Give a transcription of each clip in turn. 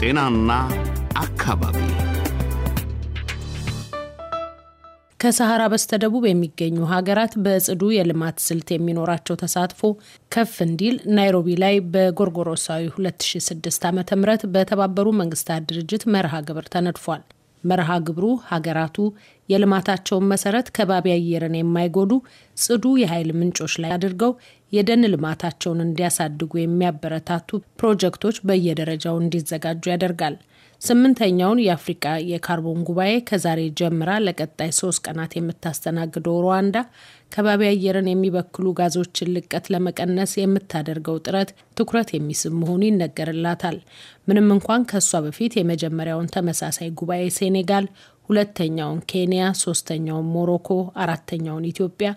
ጤናና አካባቢ ከሰሐራ በስተደቡብ የሚገኙ ሀገራት በጽዱ የልማት ስልት የሚኖራቸው ተሳትፎ ከፍ እንዲል ናይሮቢ ላይ በጎርጎሮሳዊ 2006 ዓ ም በተባበሩ መንግስታት ድርጅት መርሃ ግብር ተነድፏል። መርሃ ግብሩ ሀገራቱ የልማታቸውን መሰረት ከባቢ አየርን የማይጎዱ ጽዱ የኃይል ምንጮች ላይ አድርገው የደን ልማታቸውን እንዲያሳድጉ የሚያበረታቱ ፕሮጀክቶች በየደረጃው እንዲዘጋጁ ያደርጋል። ስምንተኛውን የአፍሪቃ የካርቦን ጉባኤ ከዛሬ ጀምራ ለቀጣይ ሶስት ቀናት የምታስተናግደው ሩዋንዳ ከባቢ አየርን የሚበክሉ ጋዞችን ልቀት ለመቀነስ የምታደርገው ጥረት ትኩረት የሚስብ መሆኑ ይነገርላታል። ምንም እንኳን ከእሷ በፊት የመጀመሪያውን ተመሳሳይ ጉባኤ ሴኔጋል፣ ሁለተኛውን ኬንያ፣ ሶስተኛውን ሞሮኮ፣ አራተኛውን ኢትዮጵያ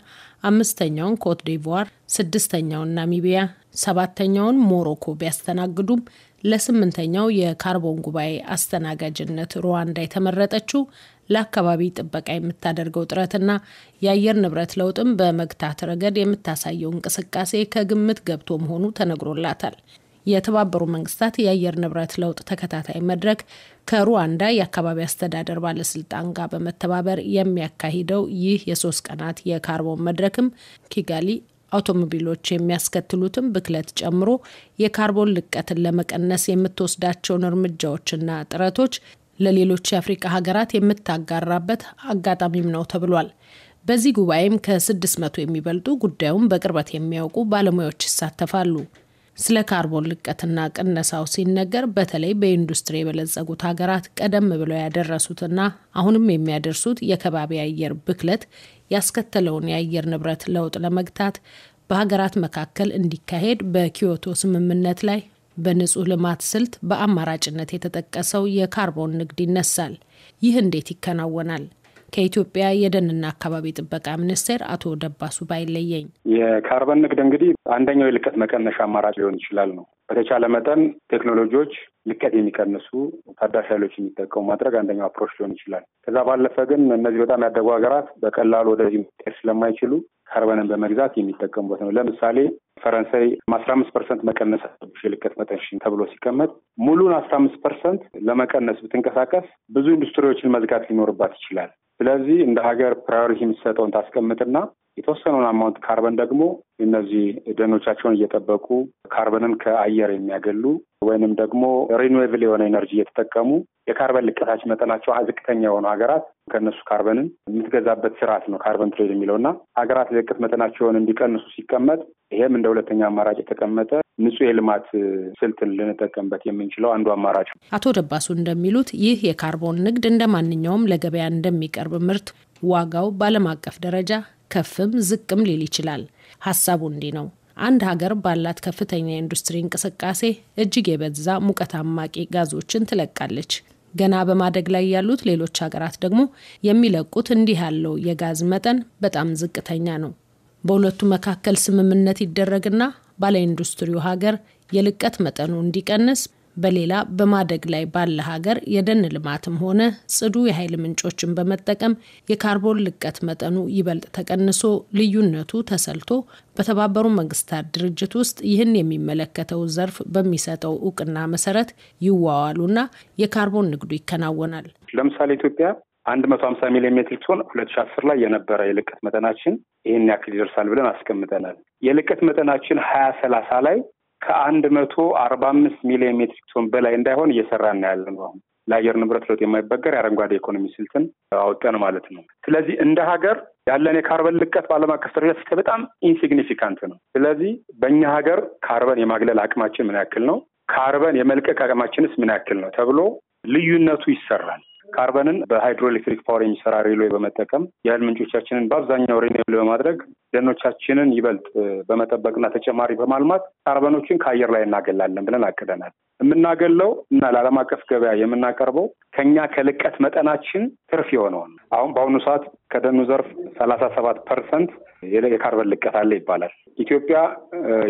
አምስተኛውን ኮት ዲቯር፣ ስድስተኛውን ናሚቢያ፣ ሰባተኛውን ሞሮኮ ቢያስተናግዱም ለስምንተኛው የካርቦን ጉባኤ አስተናጋጅነት ሩዋንዳ የተመረጠችው ለአካባቢ ጥበቃ የምታደርገው ጥረትና የአየር ንብረት ለውጥም በመግታት ረገድ የምታሳየው እንቅስቃሴ ከግምት ገብቶ መሆኑ ተነግሮላታል። የተባበሩ መንግስታት የአየር ንብረት ለውጥ ተከታታይ መድረክ ከሩዋንዳ የአካባቢ አስተዳደር ባለስልጣን ጋር በመተባበር የሚያካሂደው ይህ የሶስት ቀናት የካርቦን መድረክም ኪጋሊ አውቶሞቢሎች የሚያስከትሉትን ብክለት ጨምሮ የካርቦን ልቀትን ለመቀነስ የምትወስዳቸውን እርምጃዎችና ጥረቶች ለሌሎች የአፍሪቃ ሀገራት የምታጋራበት አጋጣሚም ነው ተብሏል። በዚህ ጉባኤም ከስድስት መቶ የሚበልጡ ጉዳዩን በቅርበት የሚያውቁ ባለሙያዎች ይሳተፋሉ። ስለ ካርቦን ልቀትና ቅነሳው ሲነገር በተለይ በኢንዱስትሪ የበለጸጉት ሀገራት ቀደም ብለው ያደረሱትና አሁንም የሚያደርሱት የከባቢ አየር ብክለት ያስከተለውን የአየር ንብረት ለውጥ ለመግታት በሀገራት መካከል እንዲካሄድ በኪዮቶ ስምምነት ላይ በንጹህ ልማት ስልት በአማራጭነት የተጠቀሰው የካርቦን ንግድ ይነሳል። ይህ እንዴት ይከናወናል? ከኢትዮጵያ የደንና አካባቢ ጥበቃ ሚኒስቴር አቶ ደባሱ ባይለየኝ የካርበን ንግድ እንግዲህ አንደኛው የልቀት መቀነሻ አማራጭ ሊሆን ይችላል ነው። በተቻለ መጠን ቴክኖሎጂዎች ልቀት የሚቀንሱ ታዳሽ ኃይሎች የሚጠቀሙ ማድረግ አንደኛው አፕሮች ሊሆን ይችላል። ከዛ ባለፈ ግን እነዚህ በጣም ያደጉ ሀገራት በቀላሉ ወደዚህ መሄድ ስለማይችሉ ካርበንን በመግዛት የሚጠቀሙበት ነው። ለምሳሌ ፈረንሳይ አስራ አምስት ፐርሰንት መቀነስ አለብሽ የልቀት መጠንሽን ተብሎ ሲቀመጥ ሙሉን አስራ አምስት ፐርሰንት ለመቀነስ ብትንቀሳቀስ ብዙ ኢንዱስትሪዎችን መዝጋት ሊኖርባት ይችላል። ስለዚህ እንደ ሀገር ፕራዮሪቲ የሚሰጠውን ታስቀምጥና የተወሰነውን አማውንት ካርበን ደግሞ እነዚህ ደኖቻቸውን እየጠበቁ ካርበንን ከአየር የሚያገሉ ወይንም ደግሞ ሪኒዌብል የሆነ ኤነርጂ እየተጠቀሙ የካርበን ልቀታች መጠናቸው ዝቅተኛ የሆኑ ሀገራት ከእነሱ ካርበንን የምትገዛበት ስርዓት ነው ካርበን ትሬድ የሚለው እና ሀገራት የልቀት መጠናቸውን እንዲቀንሱ ሲቀመጥ ይሄም እንደ ሁለተኛ አማራጭ የተቀመጠ ንጹህ የልማት ስልትን ልንጠቀምበት የምንችለው አንዱ አማራጭ ነው። አቶ ደባሱ እንደሚሉት ይህ የካርቦን ንግድ እንደ ማንኛውም ለገበያ እንደሚቀርብ ምርት ዋጋው በዓለም አቀፍ ደረጃ ከፍም ዝቅም ሊል ይችላል። ሀሳቡ እንዲህ ነው። አንድ ሀገር ባላት ከፍተኛ የኢንዱስትሪ እንቅስቃሴ እጅግ የበዛ ሙቀት አማቂ ጋዞችን ትለቃለች። ገና በማደግ ላይ ያሉት ሌሎች ሀገራት ደግሞ የሚለቁት እንዲህ ያለው የጋዝ መጠን በጣም ዝቅተኛ ነው። በሁለቱ መካከል ስምምነት ይደረግና ባለኢንዱስትሪው ሀገር የልቀት መጠኑ እንዲቀንስ በሌላ በማደግ ላይ ባለ ሀገር የደን ልማትም ሆነ ጽዱ የኃይል ምንጮችን በመጠቀም የካርቦን ልቀት መጠኑ ይበልጥ ተቀንሶ ልዩነቱ ተሰልቶ በተባበሩ መንግስታት ድርጅት ውስጥ ይህን የሚመለከተው ዘርፍ በሚሰጠው እውቅና መሰረት ይዋዋሉና የካርቦን ንግዱ ይከናወናል። ለምሳሌ ኢትዮጵያ አንድ መቶ ሀምሳ ሚሊዮን ሜትር ሲሆን ሁለት ሺ አስር ላይ የነበረ የልቀት መጠናችን ይህን ያክል ይደርሳል ብለን አስቀምጠናል። የልቀት መጠናችን ሀያ ሰላሳ ላይ ከአንድ መቶ አርባ አምስት ሚሊዮን ሜትሪክ ቶን በላይ እንዳይሆን እየሰራን እናያለን ነው። አሁን ለአየር ንብረት ለውጥ የማይበገር የአረንጓዴ ኢኮኖሚ ስልትን አወጣን ማለት ነው። ስለዚህ እንደ ሀገር ያለን የካርበን ልቀት በዓለም አቀፍ ደረጃ በጣም ኢንሲግኒፊካንት ነው። ስለዚህ በእኛ ሀገር ካርበን የማግለል አቅማችን ምን ያክል ነው፣ ካርበን የመልቀቅ አቅማችንስ ምን ያክል ነው ተብሎ ልዩነቱ ይሰራል። ካርበንን በሃይድሮኤሌክትሪክ ፓወር የሚሰራ ሬሎ በመጠቀም የኃይል ምንጮቻችንን በአብዛኛው ሪኒብል በማድረግ ደኖቻችንን ይበልጥ በመጠበቅና ተጨማሪ በማልማት ካርበኖችን ከአየር ላይ እናገላለን ብለን አቅደናል። የምናገለው እና ለዓለም አቀፍ ገበያ የምናቀርበው ከኛ ከልቀት መጠናችን ትርፍ የሆነውን አሁን በአሁኑ ሰዓት ከደኑ ዘርፍ ሰላሳ ሰባት ፐርሰንት የካርበን ልቀት አለ ይባላል። ኢትዮጵያ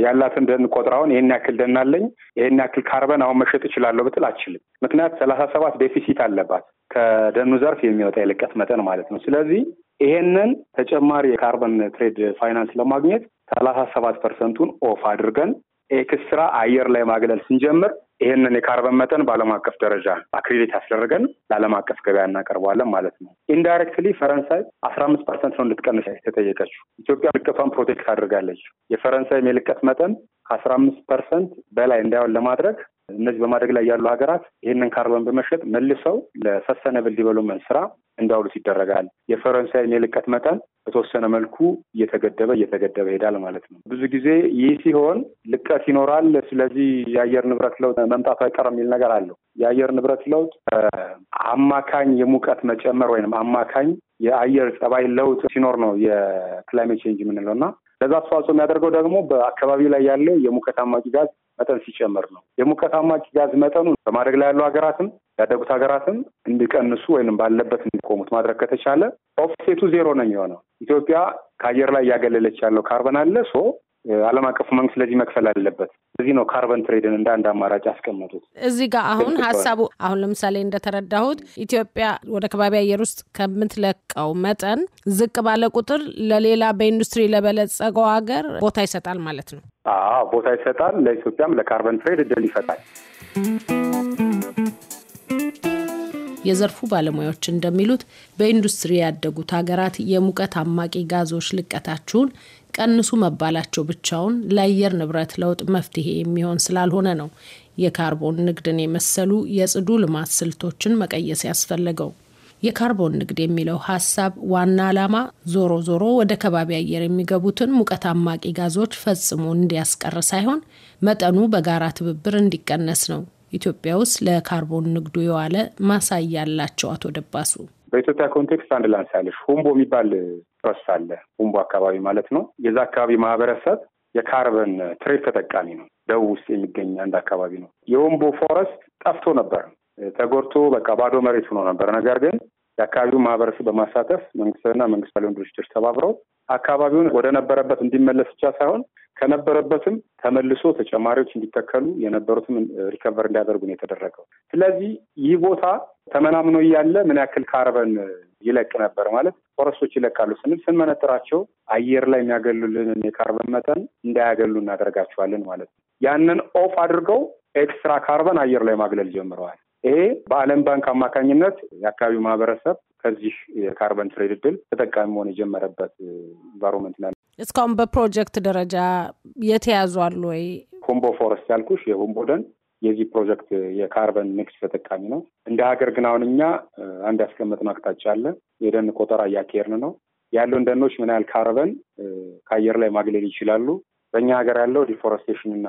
ያላትን ደን ቆጥራ አሁን ይህን ያክል ደን አለኝ ይህን ያክል ካርበን አሁን መሸጥ እችላለሁ ብትል አችልም። ምክንያት ሰላሳ ሰባት ዴፊሲት አለባት። ከደኑ ዘርፍ የሚወጣ የልቀት መጠን ማለት ነው። ስለዚህ ይሄንን ተጨማሪ የካርበን ትሬድ ፋይናንስ ለማግኘት ሰላሳ ሰባት ፐርሰንቱን ኦፍ አድርገን ኤክስትራ አየር ላይ ማግለል ስንጀምር ይህንን የካርበን መጠን በዓለም አቀፍ ደረጃ አክሬዲት አስደርገን ለዓለም አቀፍ ገበያ እናቀርበዋለን ማለት ነው። ኢንዳይሬክትሊ ፈረንሳይ አስራ አምስት ፐርሰንት ነው እንድትቀንስ የተጠየቀችው። ኢትዮጵያ ልቀቷን ፕሮቴክት አድርጋለች። የፈረንሳይም የልቀት መጠን ከአስራ አምስት ፐርሰንት በላይ እንዳይሆን ለማድረግ እነዚህ በማደግ ላይ ያሉ ሀገራት ይህንን ካርበን በመሸጥ መልሰው ለሰስተነብል ዲቨሎፕመንት ስራ እንዳውሉት ይደረጋል። የፈረንሳይን የልቀት መጠን በተወሰነ መልኩ እየተገደበ እየተገደበ ይሄዳል ማለት ነው። ብዙ ጊዜ ይህ ሲሆን ልቀት ይኖራል፣ ስለዚህ የአየር ንብረት ለውጥ መምጣቱ አይቀርም የሚል ነገር አለው። የአየር ንብረት ለውጥ አማካኝ የሙቀት መጨመር ወይም አማካኝ የአየር ጸባይ ለውጥ ሲኖር ነው የክላይሜት ቼንጅ የምንለው እና ለዛ አስተዋጽኦ የሚያደርገው ደግሞ በአካባቢው ላይ ያለው የሙቀት አማቂ ጋዝ መጠን ሲጨምር ነው። የሙቀት አማቂ ጋዝ መጠኑ በማድረግ ላይ ያሉ ሀገራትም ያደጉት ሀገራትም እንዲቀንሱ ወይም ባለበት እንዲቆሙት ማድረግ ከተቻለ ኦፍሴቱ ዜሮ ነው የሚሆነው። ኢትዮጵያ ከአየር ላይ እያገለለች ያለው ካርበን አለ ሶ ዓለም አቀፉ መንግስት ለዚህ መክፈል አለበት። እዚህ ነው ካርበን ትሬድን እንደ አንድ አማራጭ ያስቀመጡት። እዚህ ጋር አሁን ሀሳቡ አሁን ለምሳሌ እንደተረዳሁት ኢትዮጵያ ወደ ከባቢ አየር ውስጥ ከምትለቀው መጠን ዝቅ ባለ ቁጥር ለሌላ በኢንዱስትሪ ለበለጸገው ሀገር ቦታ ይሰጣል ማለት ነው። አዎ ቦታ ይሰጣል። ለኢትዮጵያም ለካርበን ትሬድ እድል ይፈጣል። የዘርፉ ባለሙያዎች እንደሚሉት በኢንዱስትሪ ያደጉት ሀገራት የሙቀት አማቂ ጋዞች ልቀታችሁን ቀንሱ መባላቸው ብቻውን ለአየር ንብረት ለውጥ መፍትሄ የሚሆን ስላልሆነ ነው የካርቦን ንግድን የመሰሉ የጽዱ ልማት ስልቶችን መቀየስ ያስፈለገው። የካርቦን ንግድ የሚለው ሀሳብ ዋና ዓላማ ዞሮ ዞሮ ወደ ከባቢ አየር የሚገቡትን ሙቀት አማቂ ጋዞች ፈጽሞ እንዲያስቀር ሳይሆን መጠኑ በጋራ ትብብር እንዲቀነስ ነው። ኢትዮጵያ ውስጥ ለካርቦን ንግዱ የዋለ ማሳያ አላቸው። አቶ ደባሱ በኢትዮጵያ ኮንቴክስት አንድ ላንሳለሽ። ሁምቦ የሚባል ትረስ አለ። ሁምቦ አካባቢ ማለት ነው። የዛ አካባቢ ማህበረሰብ የካርበን ትሬድ ተጠቃሚ ነው። ደቡብ ውስጥ የሚገኝ አንድ አካባቢ ነው። የሁምቦ ፎረስት ጠፍቶ ነበር፣ ተጎድቶ በቃ ባዶ መሬት ሆኖ ነበር። ነገር ግን የአካባቢውን ማህበረሰብ በማሳተፍ መንግስትና መንግስት ያልሆኑ ድርጅቶች ተባብረው አካባቢውን ወደ ነበረበት እንዲመለስ ብቻ ሳይሆን ከነበረበትም ተመልሶ ተጨማሪዎች እንዲተከሉ የነበሩትም ሪከቨር እንዲያደርጉ ነው የተደረገው። ስለዚህ ይህ ቦታ ተመናምኖ እያለ ምን ያክል ካርበን ይለቅ ነበር ማለት ፎረስቶች ይለቃሉ ስንል ስንመነጥራቸው አየር ላይ የሚያገሉልንን የካርበን መጠን እንዳያገሉ እናደርጋቸዋለን ማለት ነው። ያንን ኦፍ አድርገው ኤክስትራ ካርበን አየር ላይ ማግለል ጀምረዋል። ይሄ በዓለም ባንክ አማካኝነት የአካባቢው ማህበረሰብ ከዚህ የካርበን ትሬድ እድል ተጠቃሚ መሆን የጀመረበት ኢንቫይሮንመንት ነው። እስካሁን በፕሮጀክት ደረጃ የተያዙ አሉ ወይ? ኮምቦ ፎረስት ያልኩሽ የሆምቦ ደን የዚህ ፕሮጀክት የካርበን ንግድ ተጠቃሚ ነው። እንደ ሀገር ግን አሁን እኛ አንድ ያስቀመጥነው አቅጣጫ አለ። የደን ቆጠራ እያካሄድን ነው። ያለውን ደኖች ምን ያህል ካርበን ከአየር ላይ ማግለል ይችላሉ? በእኛ ሀገር ያለው ዲፎረስቴሽን እና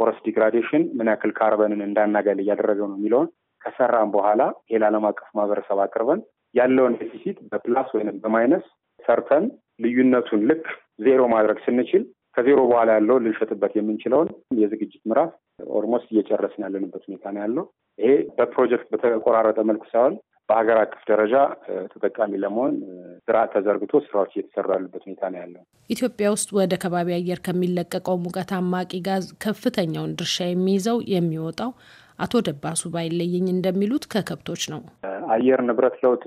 ፎረስት ዲግራዴሽን ምን ያክል ካርበንን እንዳናገል እያደረገ ነው የሚለውን ከሰራን በኋላ ይሄ ለዓለም አቀፍ ማህበረሰብ አቅርበን ያለውን ዴፊሲት በፕላስ ወይም በማይነስ ሰርተን ልዩነቱን ልክ ዜሮ ማድረግ ስንችል ከዜሮ በኋላ ያለው ልንሸጥበት የምንችለውን የዝግጅት ምዕራፍ ኦልሞስት እየጨረስን ያለንበት ሁኔታ ነው ያለው። ይሄ በፕሮጀክት በተቆራረጠ መልኩ ሳይሆን በሀገር አቀፍ ደረጃ ተጠቃሚ ለመሆን ስርዓት ተዘርግቶ ስራዎች እየተሰሩ ያሉበት ሁኔታ ነው ያለው። ኢትዮጵያ ውስጥ ወደ ከባቢ አየር ከሚለቀቀው ሙቀት አማቂ ጋዝ ከፍተኛውን ድርሻ የሚይዘው የሚወጣው አቶ ደባሱ ባይለየኝ እንደሚሉት ከከብቶች ነው። አየር ንብረት ለውጥ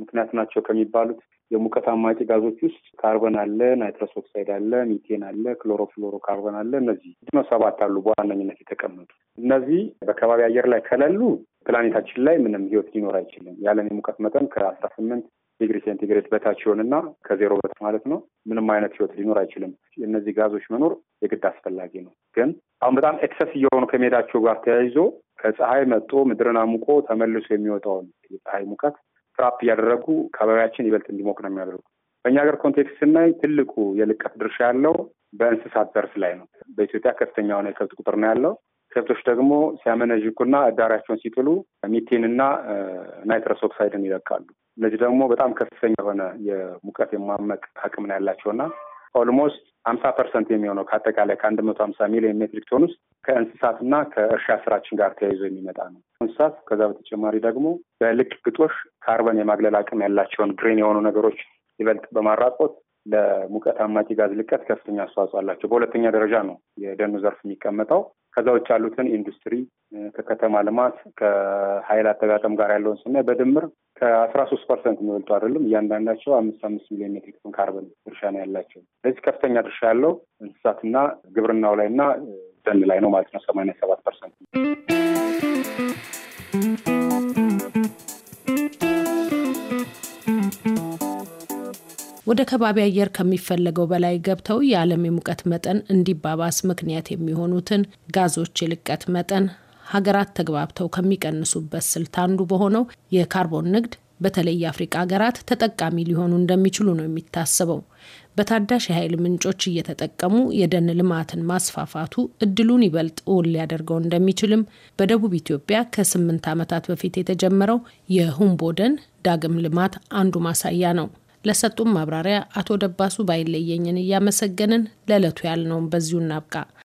ምክንያት ናቸው ከሚባሉት የሙቀት አማቂ ጋዞች ውስጥ ካርበን አለ፣ ናይትረስ ኦክሳይድ አለ፣ ሚቴን አለ፣ ክሎሮፍሎሮ ካርበን አለ። እነዚህ ሰባት አሉ በዋነኝነት የተቀመጡ። እነዚህ በከባቢ አየር ላይ ከሌሉ ፕላኔታችን ላይ ምንም ህይወት ሊኖር አይችልም። ያለን የሙቀት መጠን ከአስራ ስምንት ዲግሪ ሴንቲግሬድ በታች ይሆንና ከዜሮ በት ማለት ነው ምንም አይነት ህይወት ሊኖር አይችልም። እነዚህ ጋዞች መኖር የግድ አስፈላጊ ነው። ግን አሁን በጣም ኤክሰስ እየሆኑ ከመሄዳቸው ጋር ተያይዞ ከፀሐይ መጥቶ ምድርን አሙቆ ተመልሶ የሚወጣውን የፀሐይ ሙቀት ትራፕ እያደረጉ አካባቢያችን ይበልጥ እንዲሞቅ ነው የሚያደርጉ። በእኛ ሀገር ኮንቴክስት ስናይ ትልቁ የልቀት ድርሻ ያለው በእንስሳት ዘርፍ ላይ ነው። በኢትዮጵያ ከፍተኛ የሆነ የከብት ቁጥር ነው ያለው። ከብቶች ደግሞ ሲያመነዥኩና እዳሪያቸውን ሲጥሉ ሚቴንና ናይትረስ ኦክሳይድን ይለቃሉ። እነዚህ ደግሞ በጣም ከፍተኛ የሆነ የሙቀት የማመቅ አቅም ነው ያላቸውና ኦልሞስት ሀምሳ ፐርሰንት የሚሆነው ከአጠቃላይ ከአንድ መቶ ሀምሳ ሚሊዮን ሜትሪክ ቶን ውስጥ ከእንስሳትና ከእርሻ ስራችን ጋር ተያይዞ የሚመጣ ነው። እንስሳት ከዛ በተጨማሪ ደግሞ በልክ ግጦሽ ካርበን የማግለል አቅም ያላቸውን ግሬን የሆኑ ነገሮች ይበልጥ በማራቆት ለሙቀት አማቂ ጋዝ ልቀት ከፍተኛ አስተዋጽኦ አላቸው። በሁለተኛ ደረጃ ነው የደኑ ዘርፍ የሚቀመጠው። ከዛ ውጭ ያሉትን ኢንዱስትሪ ከከተማ ልማት ከሀይል አጠቃቀም ጋር ያለውን ስናይ በድምር ከአስራ ሶስት ፐርሰንት የሚበልጡ አይደለም። እያንዳንዳቸው አምስት አምስት ሚሊዮን ሜትሪክ ቶን ካርበን ድርሻ ነው ያላቸው። ስለዚህ ከፍተኛ ድርሻ ያለው እንስሳትና ግብርናው ላይ እና ደን ላይ ነው ማለት ነው ሰማንያ ሰባት ፐርሰንት ወደ ከባቢ አየር ከሚፈለገው በላይ ገብተው የዓለም የሙቀት መጠን እንዲባባስ ምክንያት የሚሆኑትን ጋዞች የልቀት መጠን ሀገራት ተግባብተው ከሚቀንሱበት ስልት አንዱ በሆነው የካርቦን ንግድ በተለይ የአፍሪቃ ሀገራት ተጠቃሚ ሊሆኑ እንደሚችሉ ነው የሚታሰበው። በታዳሽ የኃይል ምንጮች እየተጠቀሙ የደን ልማትን ማስፋፋቱ እድሉን ይበልጥ እውን ሊያደርገው እንደሚችልም በደቡብ ኢትዮጵያ ከስምንት ዓመታት በፊት የተጀመረው የሁምቦ ደን ዳግም ልማት አንዱ ማሳያ ነው። ለሰጡም ማብራሪያ አቶ ደባሱ ባይለየኝን እያመሰገንን ለዕለቱ ያልነውን በዚሁ እናብቃ።